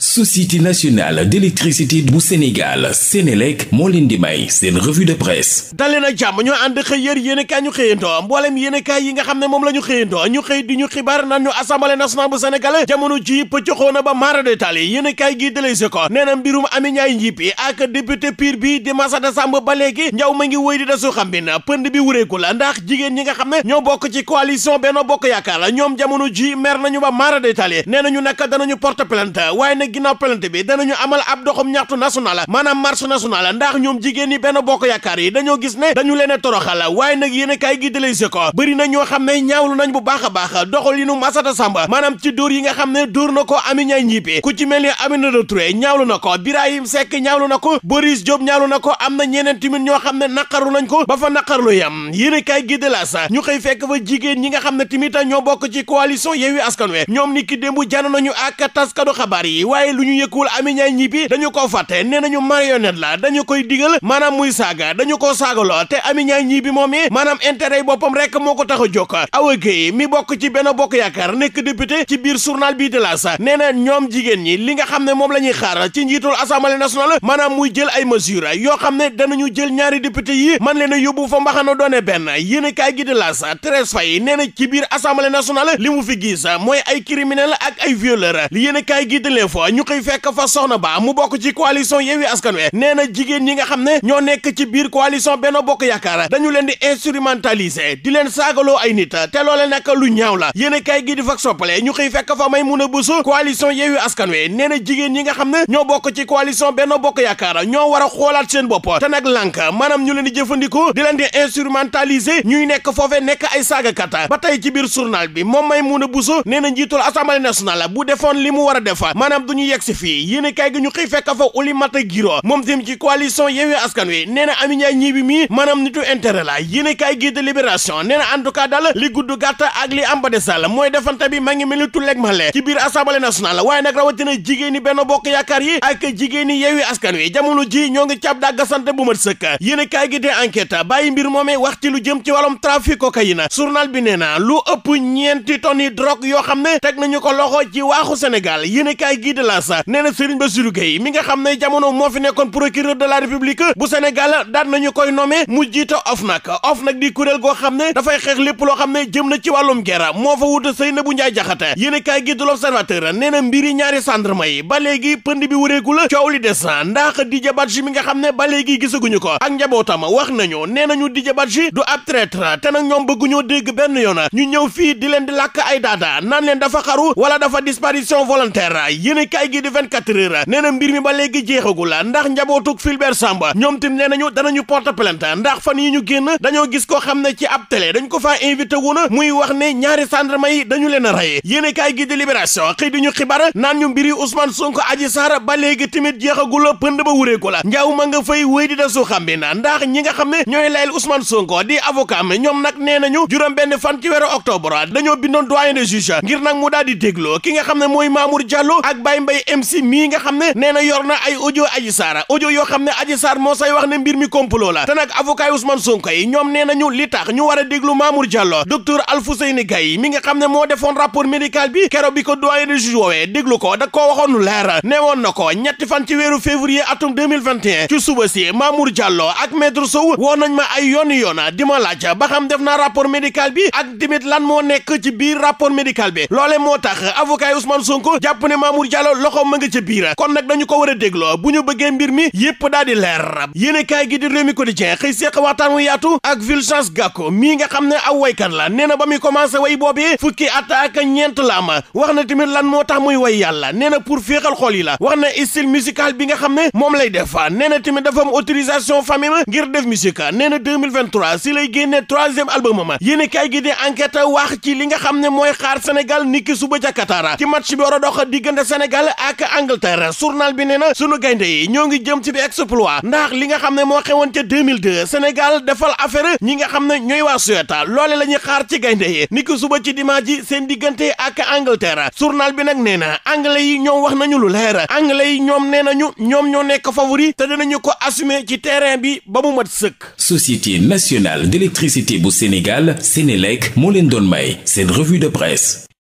société nationale d'électricité bu Sénégal Sénélec moo leen di may seen revue de presse dalee jàmm ñoo ànd xëy yër yéenekaay ñu xëyantoo mboolem yéenekaay yi nga xam ne moom la ñu xëyantoo ñu xëy di ñu xibaar naan ñu nationale bu Sénégal jamono ji pëccaxoo na ba maara détaali yéenekaay gi dëlase ko nee mbirum Amy Ndiaye Njip yi ak député Pire bi di Massata Samb ba léegi njaw ma ngi wëy di dasu xam bi na pënd bi wureeku la ndax jigéen ñi nga xam ne ñoo bokk ci coalition Benno Bokk Yaakaar la ñoom jamono ji mer nañu ba maara détaali nee nañu nag danañu porte plainte waaye ginnaaw plainte bi danañu amal ab doxam ñaxtu national maanaam marche nationale ndax ñoom jigéen ñi benn bokk yaakaar yi dañoo gis ne dañu leen toroxal waaye nag yéen a kaay gi dalee si ko bëri na ñoo xam ne ñaawlu bu baax a baax doxalinu Massata Samba maanaam ci dóor yi nga xam ne dóor na ko Aminata Njiipe ku ci mel ni Aminata Touré ñaawlu na ko Birahim Seck ñaawlu na ko Boris Diop ñaawlu na ko am na ñeneen tamit ñoo xam ne naqaru nañ ko ba fa naqarlu yam yéen a la sa ñu xëy fekk fa jigéen ñi nga xam ne tamit ñoo bokk ci coalition Yewwi Askan Wi ñoom ni ki démb jànn nañu ak taskadu xabaar yi waaye lu ñu yëkkul Amy Ndiaye Gniby dañu ko fàtte nee nañu marionnette la dañu koy digal maanaam muy saaga dañu ko saagaloo te Amy Ndiaye Gniby moom i maanaam intérêt yi boppam rek moo ko tax a jóg Awa Gueye mi bokk ci Benno Bokk Yaakaar nekk député ci biir surnal bii de L'As nee na ñoom jigéen ñi li nga xam ne moom la ñuy xaar ci njiitul assemblée nationale maanaam muy jël ay mesures yoo xam ne danañu jël ñaari député yi man leen a yóbbu fa mbaxana doone benn yéen a kaay gi de L'As Thérèse Faye nee na ci biir assemblée nationale li mu fi gis mooy ay criminel ak ay violeur yéen kaay gi de L'Info ba ñu xëy fekk fa soxna ba mu bokk ci coalition Yewwi Askan Wi nee na jigéen ñi nga xam ne ñoo nekk ci biir coalition Benno Bokk Yaakaar dañu leen di instrumentaliser di leen saagaloo ay nit te loole nag lu ñaaw la yéen kay gi di fak soppale ñu xëy fekk fa may mun a busu coalition Yewwi Askan Wi nee na jigéen ñi nga xam ne ñoo bokk ci coalition Benno Bokk Yaakaar ñoo war a xoolaat seen bopp te nag lànk maanaam ñu leen di jëfandikoo di leen di instrumentaliser ñuy nekk foofe nekk ay saagakat ba tey ci biir journal bi moom may mun a busu nee na njiitul assemblée nationale bu defoon li mu war a def maanaam ñu yegg fi fii yéen kaay gi ñu xëy fekk fa Oulimata Guiro moom tam ci coalition Yewwi Askan Wi nee na Amy mi maanaam nitu intérêt la yéen kaay gi de Libération nee na en tout cas daal li gudd gàtt ak li am ba desal mooy defante bi ma ngi mel ni tulleeg male ci biir Assemblée nationale waaye nag rawatina jigéen ñi Bokk Yaakaar yi ak jigéen ñi Askan Wi jamono ji ñoo ngi càb dagga sante bu mat sëkk yéen kaay gi de enquête bàyyi mbir moomee wax ci lu jëm ci wàllum bi nee na lu ëpp ñeenti tonnes yi drogue yoo xam ne teg nañu ko loxo ci waaxu Sénégal yéen kaay de la sa nee na Serigne Bassirou Gueye mi nga xam ne jamono moo fi nekkoon procureur de la république bu Sénégal daan nañu koy nommé mu jiite OFNAC OFNAC di kuréel goo xam ne dafay xeex lépp loo xam ne jëm na ci wàllum guerre moo fa wuta Seynabou Ndiaye Diakhaté yéen kaay gi du l'observateur nee na mbiri ñaari gendarme yi ba léegi pënd bi wureegu la coow li des na ndax Didier Badji mi nga xam ne ba léegi gisaguñu ko ak njabootam wax nañu nee nañu Didier Badji du ab traître te nag ñoom bëgguñoo dégg benn yoon ñu ñëw fii di leen di làkk ay daada naan dafa xaru wala dafa disparition volontaire kaay gi di 24 heures nee na mbir mi ba léegi jeexagul ndax njabootug Fulbert Sambou ñoom tim nee nañu danañu porte plainte ndax fan yi ñu génn dañoo gis koo xam ne ci ab télé dañ ko faa invité woon muy wax ne ñaari gendarme yi dañu leen a rey yéene kaay gi di libération xëy di ñu xibaar naan ñu mbiri Ousmane Sonko Adji Sarr ba léegi tamit jeexagul pënd ba wureeku la njaaw ma nga fay wéy di da su xam bi na ndax ñi nga xam ne ñooy layel Ousmane Sonko di avocat mi ñoom nag nee nañu juróom benn fan ci weeru octobre dañoo bindoon doyen de juge ngir nag mu daal di dégloo ki nga xam ne mooy Mamour Diallo ak Abdoulaye Mbaye MC mii nga xam ne nee na yor na ay audio Adji Sarr audio yoo xam ne Adji Sarr moo say wax ne mbir mi complot la te nag avocat Ousmane Sonko yi ñoom nee nañu li tax ñu war a déglu Mamour Diallo docteur Alfouseyni Gaye mi nga xam ne moo defoon rapport médical bi kero bi ko doyen de juge woowee déglu ko da koo waxoon leer nee woon na ko ñetti fan ci weeru février atum 2021 ci suba si Mamour Diallo ak maître Sow woo nañ ma ay yoon yoon di ma laaj ba xam def naa rapport médical bi ak lan moo nekk ci biir rapport médical bi loole moo tax avocat Ousmane wala loxo ma nga ca biira kon nag dañu ko war a dégloo bu ñu bëggee mbir mi yépp daal di leer yéen gi di Rewmi Quotidien xëy seeq waxtaan wu yaatu ak Vilchange Gàkko mii nga xam ne aw waykat la nee ba muy commencé way boobee fukki at ak ñeent la ma wax na tamit lan moo tax muy way yàlla nee na pour féexal yi la wax na style musical bi nga xam ne moom lay def nee na tamit dafa am autorisation ngir def musique nee na 2023 ne mooy xaar a Sénégal ak Angleterre journal bi nee na sunu gaynde yi ñoo ngi jëm ci bi exploit ndax li nga xam ne moo xewoon ca 2002 Sénégal defal affaire ñi nga xam ne ñooy waa Suède loole la ñuy xaar ci gaynde yi ni ko suba ci dimanche ji seen diggante ak Angleterre journal bi nag nee na anglais yi ñoom wax nañu lu leer anglais yi ñoom nee nañu ñoom ñoo nekk favori te dinañu ko asume ci terrain bi ba mu mat sëkk. Société nationale d'électricité bu Sénégal Sénélec moo leen doon may seen revue de presse.